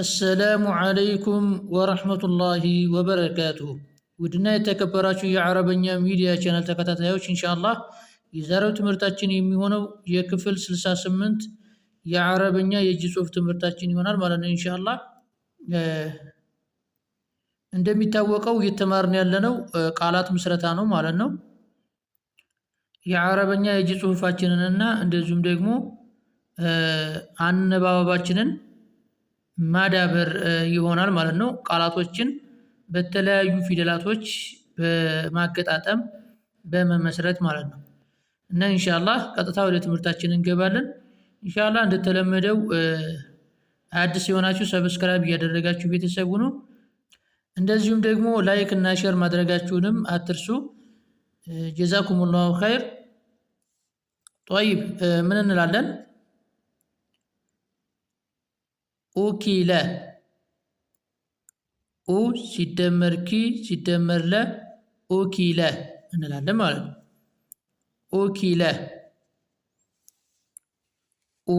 አሰላሙ ዓለይኩም ወረህመቱላሂ ወበረካቱ ውድና የተከበራችሁ የአረበኛ ሚዲያ ቻናል ተከታታዮች እንሻአላህ የዛሬው ትምህርታችን የሚሆነው የክፍል 68 የአረበኛ የእጅ ጽሑፍ ትምህርታችን ይሆናል ማለት ነው እንሻአላህ። እንደሚታወቀው እየተማርን ያለነው ቃላት ምስረታ ነው ማለት ነው። የአረበኛ የእጅ ጽሑፋችንን እና እንደዚሁም ደግሞ አነባበባችንን ማዳበር ይሆናል ማለት ነው። ቃላቶችን በተለያዩ ፊደላቶች በማገጣጠም በመመስረት ማለት ነው። እና እንሻላህ ቀጥታ ወደ ትምህርታችን እንገባለን። ኢንሻላህ እንደተለመደው አዲስ የሆናችሁ ሰብስክራይብ እያደረጋችሁ ቤተሰቡ ነው። እንደዚሁም ደግሞ ላይክ እና ሼር ማድረጋችሁንም አትርሱ። ጀዛኩሙላሁ ኸይር ጦይብ ምን እንላለን? ኡኪለ ኡ ሲደመር ኪ ሲደመር ለ ኡኪለ እንላለን ማለት ነው። ኡኪለ ኡ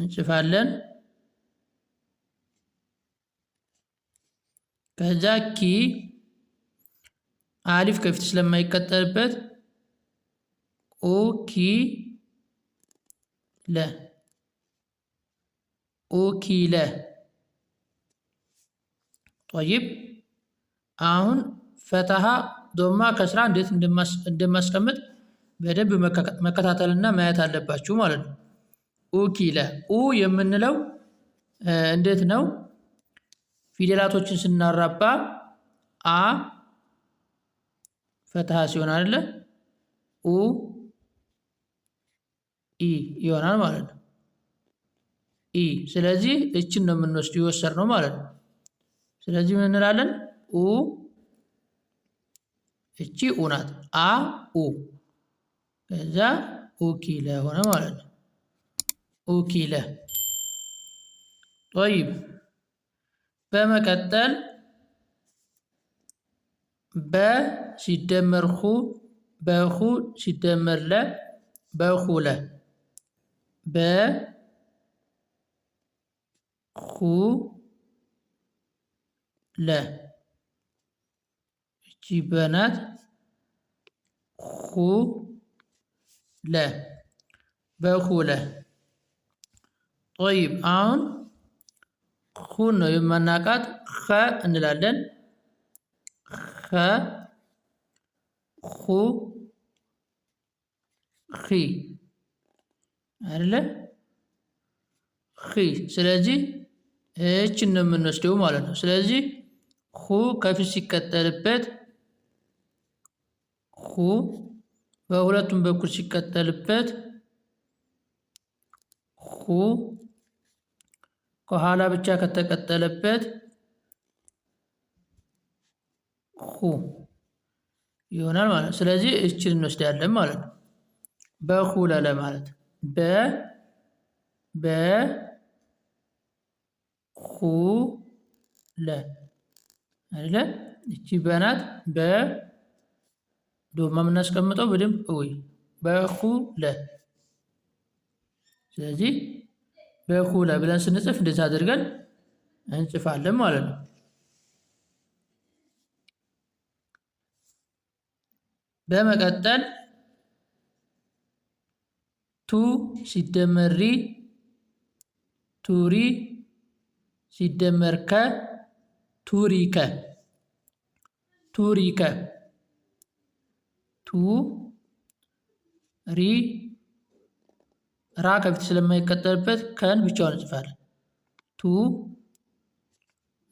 እንጽፋለን። ከዛ ኪ አሊፍ ከፊት ስለማይቀጠልበት ኡኪለ ኡኪለ ጠይብ። አሁን ፈተሃ ዶማ ከስራ እንዴት እንደማስቀምጥ በደንብ መከታተልና ማየት አለባችሁ ማለት ነው። ኡኪለ ኡ የምንለው እንዴት ነው? ፊደላቶችን ስናራባ አ ፈትሃ ሲሆን አይደለ ኡ ኢ ይሆናል ማለት ነው። ኢ። ስለዚህ እችን ነው የምንወስድ ይወሰድ ነው ማለት ነው። ስለዚህ ምን እንላለን? ኡ እቺ ኡ ናት። አ ኡ ከዛ ኡኪለ ሆነ ማለት ነው። ኡኪለ ጦይብ። በመቀጠል በ ሲደመር ኹ በኹ ሲደመር ለ በኹለ በ خو لا جبنات خو لا بخولة طيب خو آن خون يمناقات خ نلالن خ خو خي هل خي سلازي እች ነው የምንወስደው ማለት ነው። ስለዚህ ሁ ከፊት ሲቀጠልበት ሁ በሁለቱም በኩል ሲቀጠልበት ሁ ከኋላ ብቻ ከተቀጠለበት ሁ ይሆናል ማለት ነው። ስለዚህ እችን እንወስዳለን ማለት ነው። በሁለለ ማለት በ በ ኩ ለ አይደለ? እቺ በናት በዶማ የምናስቀምጠው በደንብ ወይ በኩ ለ። ስለዚህ በኩ ለ ብለን ስንጽፍ እንደዚህ አድርገን እንጽፋለን ማለት ነው። በመቀጠል ቱ ሲደመሪ ቱሪ ሲደመር ከ ቱሪከ ቱሪከ ቱ ሪ ራ ከፊት ስለማይቀጠልበት ከን ብቻውን እንጽፋለን። ቱ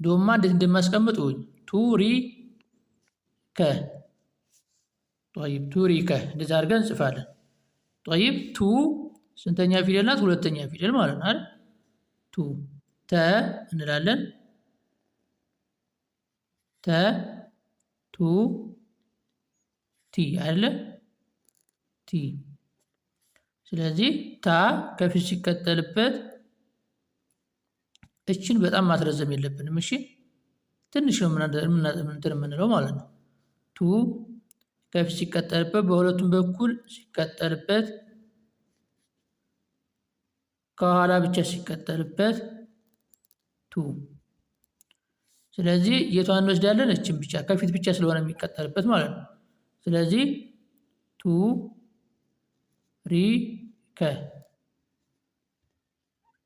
ዶማ እንዴት እንደማስቀምጥ ወይ ቱሪ ከ ጦይብ ቱሪ ከ እንደዛ አድርገን እንጽፋለን። ጦይብ ቱ ስንተኛ ፊደል ናት? ሁለተኛ ፊደል ማለት ነው አይደል? ቱ ተ እንላለን። ተ ቱ ቲ አይደለ ቲ። ስለዚህ ታ ከፊት ሲቀጠልበት እችን በጣም ማስረዘም የለብንም። እሺ ትንሽ ነው የምንለው ማለት ነው። ቱ ከፊት ሲቀጠልበት በሁለቱም በኩል ሲቀጠልበት ከኋላ ብቻ ሲቀጠልበት ቱ። ስለዚህ የቷን እንወስዳለን? እችን ብቻ ከፊት ብቻ ስለሆነ የሚቀጠልበት ማለት ነው። ስለዚህ ቱ ሪ ከ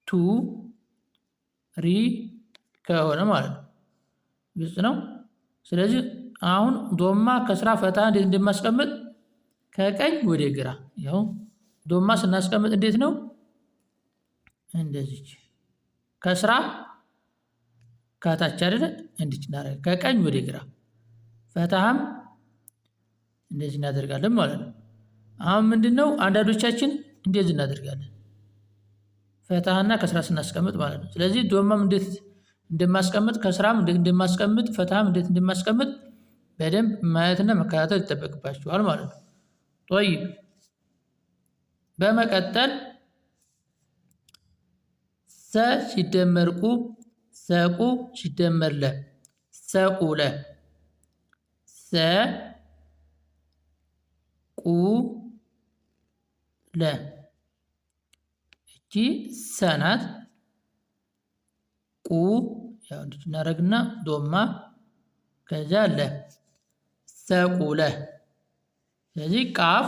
ቱ ሪ ከሆነ ማለት ነው። ግልጽ ነው። ስለዚህ አሁን ዶማ ከስራ ፈታ እንዴት እንደማስቀምጥ ከቀኝ ወደ ግራ ያው ዶማ ስናስቀምጥ እንዴት ነው? እንደዚች ከስራ ከታች አደለ እንዲች እናደርጋለን። ከቀኝ ወደ ግራ ፈትሐም እንደዚህ እናደርጋለን ማለት ነው። አሁን ምንድን ነው አንዳንዶቻችን እንደዚህ እናደርጋለን ፈትሐና ከስራ ስናስቀምጥ ማለት ነው። ስለዚህ ዶማም እንዴት እንደማስቀምጥ ከስራም እንዴት እንደማስቀምጥ ፈትሐም እንዴት እንደማስቀምጥ በደንብ ማየትና መከታተል ይጠበቅባቸዋል ማለት ነው። ጦይብ በመቀጠል ሰ ሲደመርቁ ሰቁ ሲደመር ለ ሰቁለ ሰ ቁ ለ እቺ ሰናት ቁ ያው እናረግና ዶማ ከዛ ለ ሰቁለ። ስለዚህ ቃፍ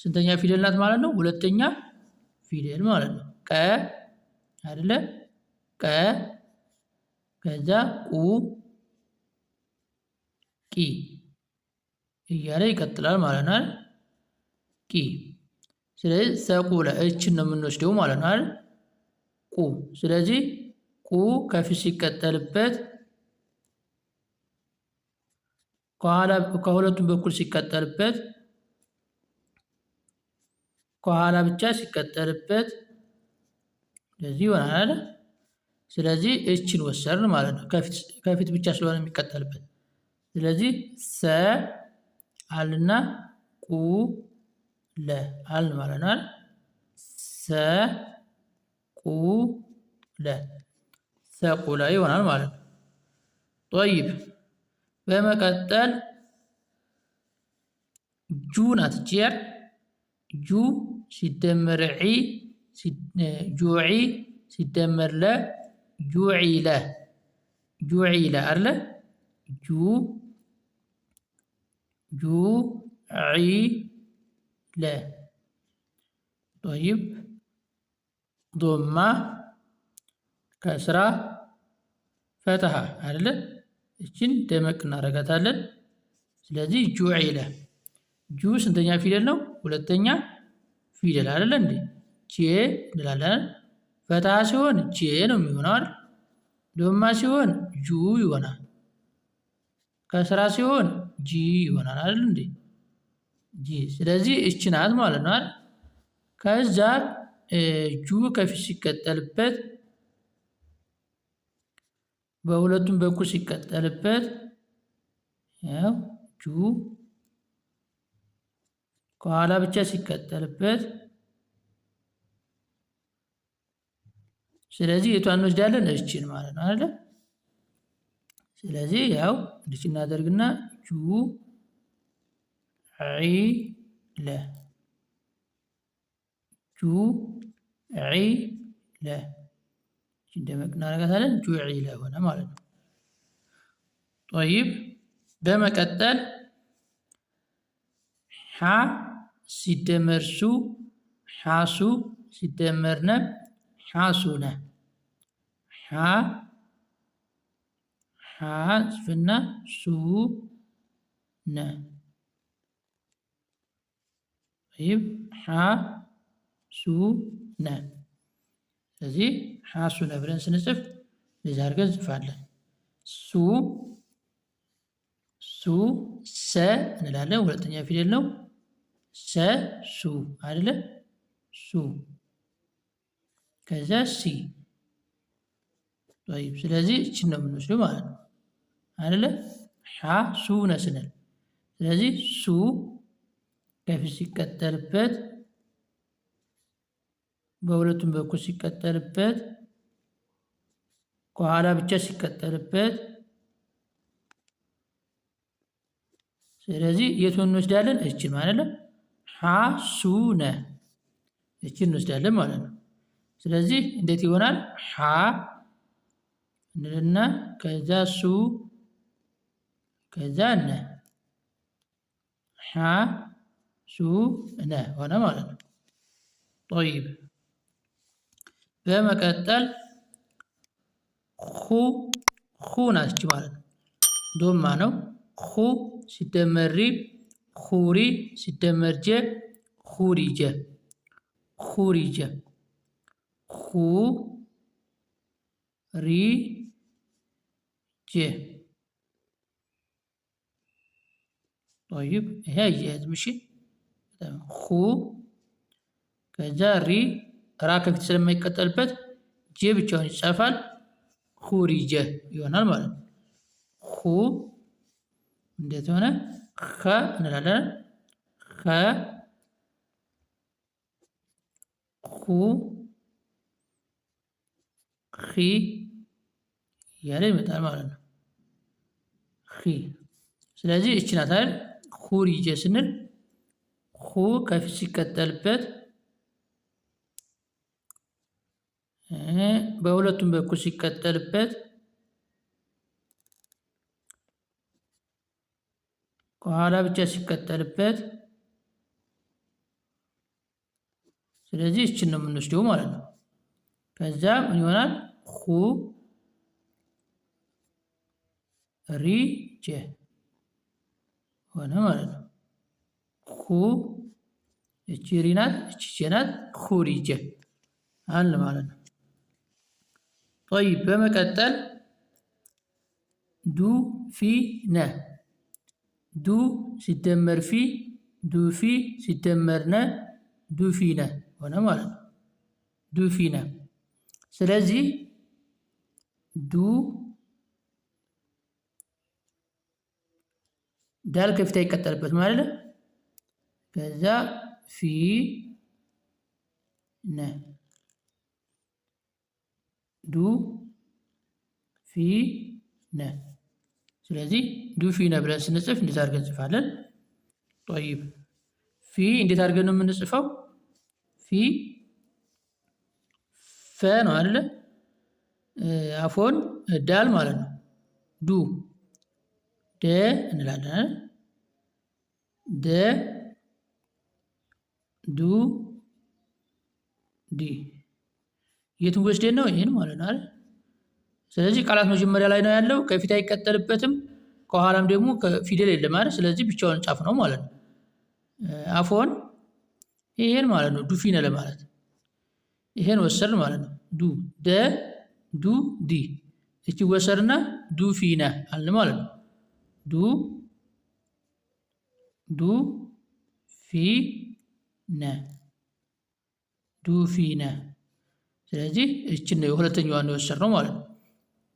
ስንተኛ ፊደል ናት ማለት ነው? ሁለተኛ ፊደል ማለት ነው። ቀ አይደለ ቀ ከዛ ቁ ቂ እያለ ይቀጥላል ማለት ነው። ቂ ስለዚህ ሰቁለ እችን ነው የምንወስደው ማለት ነው። ቁ ስለዚህ ቁ ከፊት ሲቀጠልበት ከኋላ ከሁለቱም በኩል ሲቀጠልበት ከኋላ ብቻ ሲቀጠልበት እንደዚህ ይሆናል። ስለዚህ እችን ወሰርን ማለት ነው። ከፊት ብቻ ስለሆነ የሚቀጠልበት። ስለዚህ ሰ አልና ቁ ለ አል ማለት ነው። ሰ ቁ ለ ሰ ቁ ሰቁለ ይሆናል ማለት ነው። ጦይብ በመቀጠል ጁ ናት ጭር ጁ ሲደመር ዒ ጁዒ ሲደመር ለ ጁዒለ ጁዒለ አለ ጁ ጁዒለ ጦይብ ዶማ ከስራ ፈትሃ አለ እችን ደመቅ እናደርጋታለን። ስለዚህ ጁዒለ ጁ ስንተኛ ፊደል ነው? ሁለተኛ ፊደል አይደለ እንዴ? ጄ እንላለን። ፈታ ሲሆን ጄ ነው የሚሆነው አይደል? ዶማ ሲሆን ጁ ይሆናል። ከስራ ሲሆን ጂ ይሆናል አይደል እንዴ? ጂ ስለዚህ እቺ ናት ማለት ነው አይደል? ከዛ ጁ ከፊት ሲቀጠልበት በሁለቱም በኩል ሲቀጠልበት ያው ጁ ከኋላ ብቻ ሲቀጠልበት ስለዚህ የቷን እንወስዳለን? እችን ማለት ነው አይደለ? ስለዚህ ያው እንዲች እናደርግና ጁ ዒ ለ ጁ ዒ ለ እንደመቅ እናደርጋታለን። ጁ ዒ ለ ሆነ ማለት ነው። ጦይብ በመቀጠል ሓ ሲደመር ሱ ሓሱ ሲደመር ነብ ሓሱነ ሓ ሓዝፍና ሱ ነ ይብ ሓ ሱ ነ ስለዚህ ሓሱነ ብለን ስንጽፍ እዚ አድርገን ሱ ሱ ሰ እንላለን። ሁለተኛ ፊደል ነው። ሰ ሱ አይደለ ሱ ከዛ ሲ ጠይብ። ስለዚህ እችን ነው የምንወስደው ማለት ነው አይደለ? ሐ ሱ ነስነል። ስለዚህ ሱ ከፊት ሲቀጠልበት በሁለቱም በኩል ሲቀጠልበት ከኋላ ብቻ ሲቀጠልበት ስለዚህ የቱን እንወስዳለን? እችን ማለት ነው። ሐ ሱ ነ እችን እንወስዳለን ማለት ነው። ስለዚህ እንዴት ይሆናል? ሐ እንልና ከዛ ሱ ከዛ ነ ሐ ሱ ነ ሆነ ማለት ነው። ጠይብ በመቀጠል ሁ ሁ ናስች ማለት ነው። ዶማ ነው። ሁ ሲደመሪ ሁሪ ሲደመርጀ ሁሪጀ ሁሪጀ ሁ ሪ ጄ ይብ ይሄ አያያዝ ምሽ ሁ ከዛ ሪ ራ ከፊት ስለማይቀጠልበት ጄ ብቻውን ይጻፋል። ሁሪጀ ይሆናል ማለት ነው። ሁ እንዴት ሆነ? ኸ እንላለን። ኸ ሁ ኺ እያለ ይመጣል ማለት ነው። ኺ ስለዚህ እቺ ናት አይደል? ሁሪጀ ስንል ሁ ከፊት ሲቀጠልበት በሁለቱም በኩል ሲቀጠልበት ከኋላ ብቻ ሲቀጠልበት ስለዚህ እችን ነው የምንወስደው ማለት ነው። ከዛ ምን ይሆናል? ሁ ሪ ጀ ሆነ ማለት ነው። ኹ እቺ ሪ ናት፣ እቺ ጀ ናት። ሁ ሪ ጀ አለ ማለት ነው። ጦይ በመቀጠል ዱ ፊ ነ ዱ ሲደመር ፊ ዱ ፊ ሲደመር ነ ዱፊ ነ ሆነ ማለት ነው። ዱፊ ነ ስለዚህ ዱ ዳል ከፊታ ይቀጠልበት ማለት ነው። ከዛ ፊ ነ ዱ ፊ ነ። ስለዚህ ዱ ፊ ነ ብለን ስንጽፍ እንዴት አድርገን እንጽፋለን? ጠይብ ፊ እንዴት አድርገን ነው የምንጽፈው? ፊ ፈ ነው አይደለ? አፎን ዳል ማለት ነው። ዱ ደ እንላለን። ደ ዱ ዲ የቱን ወስደ ነው? ይህን ማለት ነው ስለዚህ ቃላት መጀመሪያ ላይ ነው ያለው፣ ከፊት አይቀጠልበትም፣ ከኋላም ደግሞ ፊደል የለም አይደል? ስለዚህ ብቻውን ጻፍ ነው ማለት ነው። አፎን ይህን ማለት ነው ዱፊነ ለማለት ይሄን ወሰድን ማለት ነው። ዱ ደ ዱ ዲ እቺ ወሰድና ዱ ፊነ አለ ማለት ነው። ዱ ዱ ፊ ነ ዱ ፊ ነ ስለዚህ እቺ ነው የሁለተኛዋን የወሰድነው ማለት ነው።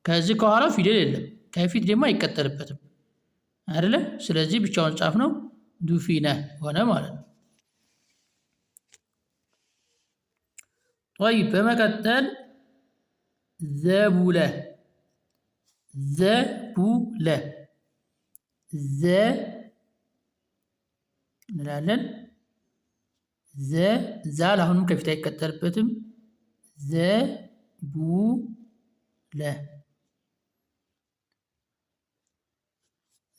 ከዚህ ከኋላው ፊደል የለም፣ ከፊት ደግሞ አይቀጠልበትም አይደለ? ስለዚህ ብቻውን ጻፍ ነው ዱፊነ ሆነ ማለት ነው። طيب فما فمكتل ذابولا ذابولا ذا نلالن ذا ذا لهم كفتاك التربتم ذابولا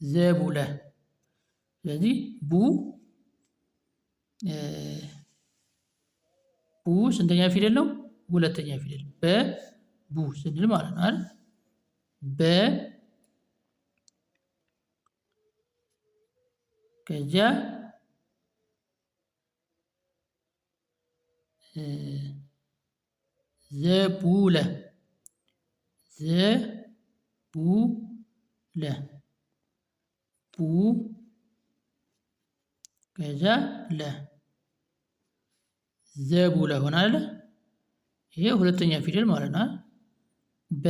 ذابولا يعني بو آه ቡ ስንተኛ ፊደል ነው? ሁለተኛ ፊደል በ ቡ ስንል ማለት ነው አይደል? በ ከዚያ ዘቡለ ዘቡለ ቡ ከዚያ ለ ዘቡላ ሆነ አለ። ይሄ ሁለተኛ ፊደል ማለት ነው። በ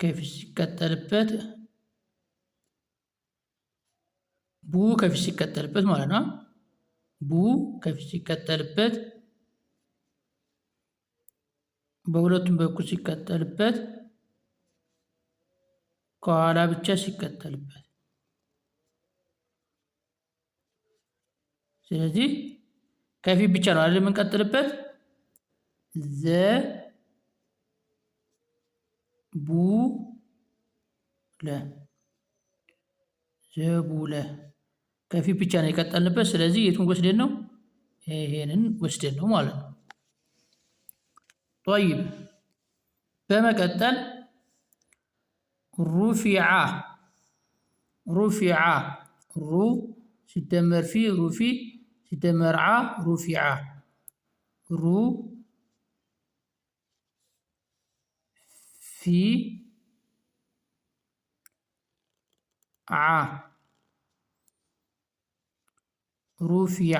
ከፊት ሲቀጠልበት ቡ ከፊት ሲቀጠልበት ማለት ነው። ቡ ከፊት ሲቀጠልበት በሁለቱም በኩል ሲቀጠልበት ከኋላ ብቻ ሲቀጠልበት ስለዚህ ከፊት ብቻ ነው አይደል የምንቀጥልበት። ዘ ቡ ለ ዘቡለ ከፊት ብቻ ነው የቀጠልንበት። ስለዚህ የቱን ወስደን ነው? ይሄንን ወስደን ነው ማለት ነው። ጠይብ በመቀጠል ሩፊዓ ሩፊዓ ሩ ሲደመር ፊ ሩፊ ፊደ መርዓ ሩፊዓ ሩ ፊ ዓ ሩፊዓ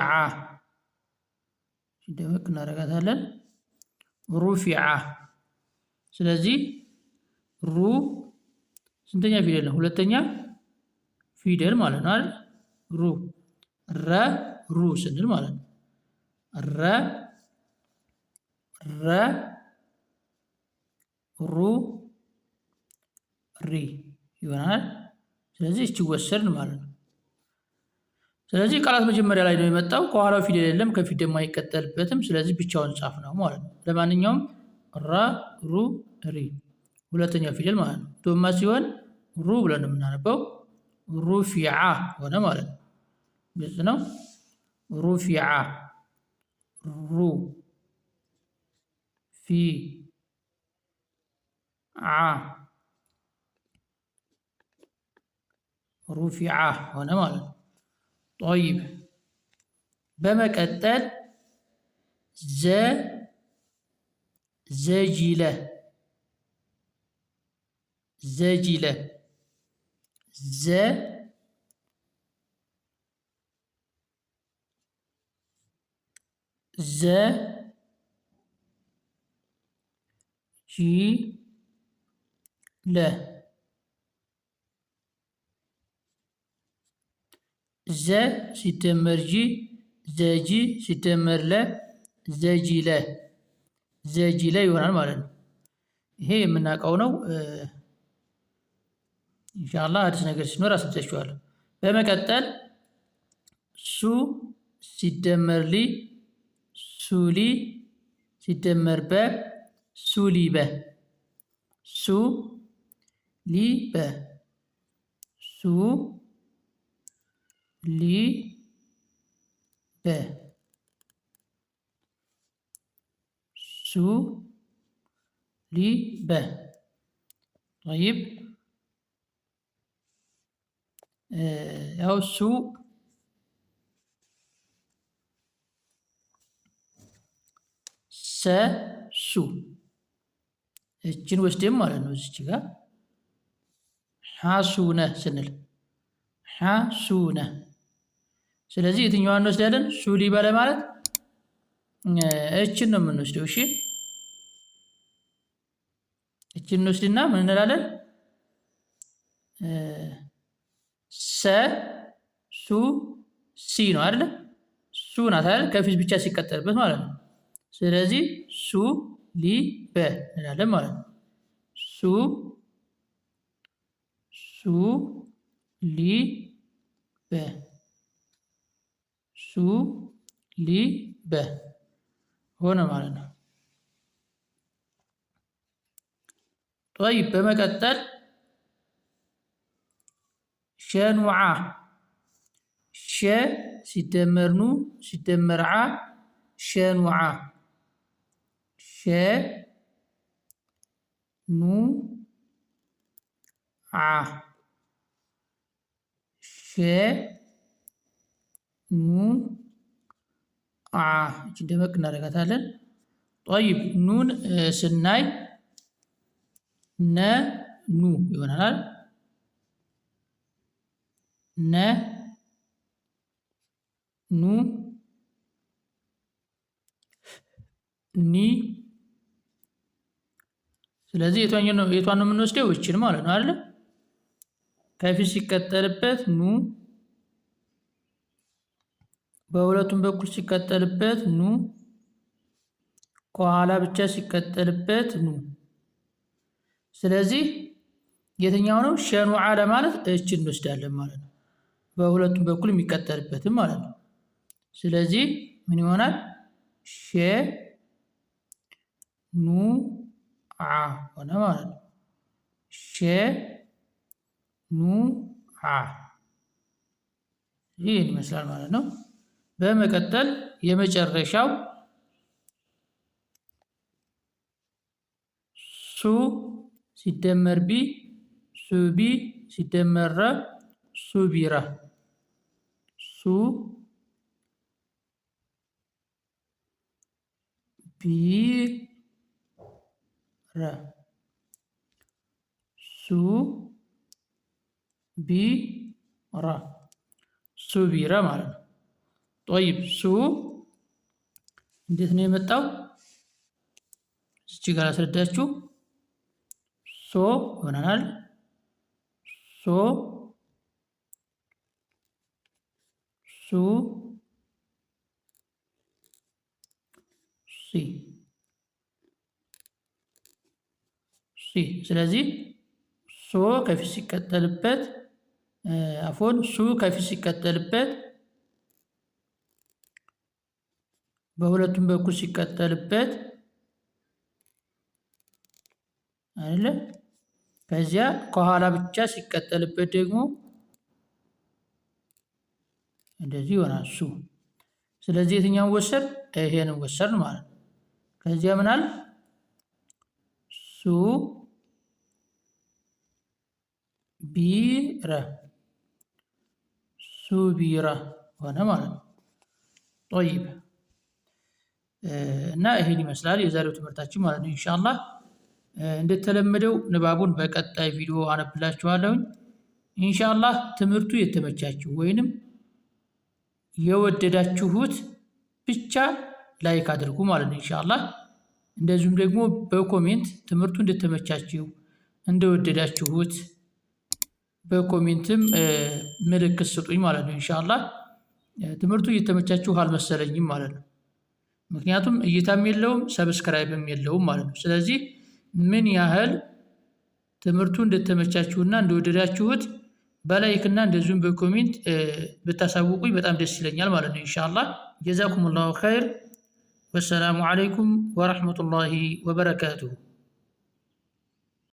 ደመቅ እናደርጋታለን። ሩፊዓ ስለዚህ ሩ ስንተኛ ፊደል ነው? ሁለተኛ ፊደል ማለት ነው አይደል? ሩ ረ ሩ ስንል ማለት ነው። ረ ረ ሩ ሪ ይሆናል። ስለዚህ እቺ ወሰድን ማለት ነው። ስለዚህ ቃላት መጀመሪያ ላይ ነው የመጣው። ከኋላው ፊደል የለም፣ ከፊት ደግሞ አይቀጠልበትም። ስለዚህ ብቻውን ጻፍ ነው ማለት ነው። ለማንኛውም ረ ሩ ሪ ሁለተኛው ፊደል ማለት ነው። ዶማ ሲሆን ሩ ብለን የምናነበው ሩፊዓ ሆነ ማለት ነው። ግልጽ ነው። رفع رو في ع رفع هنا مال طيب بمكتت ز زجلة زجلة ز ዘ ጂ ለ ዘ ሲደመር ጂ ዘጂ ሲደመር ለ ዘጂ ለ ዘጂ ለ ይሆናል ማለት ነው። ይሄ የምናውቀው ነው። ኢንሻአላህ አዲስ ነገር ሲኖር አስብቻችኋለሁ። በመቀጠል ሱ ሲደመር ሊ سولي سيدمر ب سولي ب سو لي ب سو لي ب سو لي ب طيب آه او سو ሰሱ እችን ወስደም ማለት ነው። እዚች ጋር ሐሱነ ስንል ሐሱነ። ስለዚህ የትኛዋን እንወስዳለን? ሱሊበ ለማለት እችን ነው የምንወስደው። እሺ እችን እንወስድና ምን እንላለን? ሰ ሱ ሲ ነው አይደለ? ሱ ናት አይደል? ከፊት ብቻ ሲቀጠልበት ማለት ነው። سيرازي سو لي ب نعلم سو سو لي ب سو لي ب هنا معنا طيب بما كتر شان وعا شا ستمرنو ستمرعا شان وعا ኑ አ ኑ አ እች ደመቅ እናደርጋታለን። ጦይብ ኑን ስናይ ነ ኑ ይሆናል። ነ ኑ ኒ ስለዚህ የቷን ነው የምንወስደው? እችን ማለት ነው አይደል? ከፊት ሲቀጠልበት ኑ፣ በሁለቱም በኩል ሲቀጠልበት ኑ፣ ከኋላ ብቻ ሲቀጠልበት ኑ። ስለዚህ የትኛው ነው ሸኑ አለ ማለት እችን እንወስዳለን ማለት ነው። በሁለቱም በኩል የሚቀጠልበትም ማለት ነው። ስለዚህ ምን ይሆናል? ሸ ኑ አ ሆነ ማለት ነው። ሼ ኑ አ ይህን ይመስላል ማለት ነው። በመቀጠል የመጨረሻው ሱ ሲደመር ቢ ሱቢ ሲደመር ረ ሱቢራ ሱ ቢ ሱ ቢ ቢራ ሱ ቢ ረ ማለት ነው። ጦይብ ሱ እንዴት ነው የመጣው? እዚህ ጋር አስረዳችሁ። ሶ ይሆነናል ሶ ሱ ሲ ሲ ስለዚህ ሶ ከፊት ሲቀጠልበት አፎን ሱ ከፊት ሲቀጠልበት በሁለቱም በኩል ሲቀጠልበት አይደለ? ከዚያ ከኋላ ብቻ ሲቀጠልበት ደግሞ እንደዚህ ይሆናል ሱ። ስለዚህ የትኛውን ወሰድ? ይሄንን ወሰድ ማለት ነው። ከዚያ ምናል ሱ ቢረ ሱቢረ ሆነ ማለት ነው። ጦይብ እና ይሄን ይመስላል የዛሬው ትምህርታችን ማለት ነው። ኢንሻአላህ እንደተለመደው ንባቡን በቀጣይ ቪዲዮ አነብላችኋለሁኝ። ኢንሻአላህ ትምህርቱ የተመቻችሁ ወይንም የወደዳችሁት ብቻ ላይክ አድርጉ ማለት ነው። ኢንሻአላህ እንደዚሁም ደግሞ በኮሜንት ትምህርቱ እንደተመቻችሁ እንደወደዳችሁት በኮሜንትም ምልክት ስጡኝ ማለት ነው። እንሻላ ትምህርቱ እየተመቻችሁ አልመሰለኝም ማለት ነው። ምክንያቱም እይታም የለውም ሰብስክራይብም የለውም ማለት ነው። ስለዚህ ምን ያህል ትምህርቱ እንደተመቻችሁና እንደወደዳችሁት በላይክና እንደዚሁም በኮሜንት ብታሳውቁኝ በጣም ደስ ይለኛል ማለት ነው። እንሻላ ጀዛኩም ላሁ ኸይር። ወሰላሙ አለይኩም ወረሕመቱላሂ ወበረካቱሁ።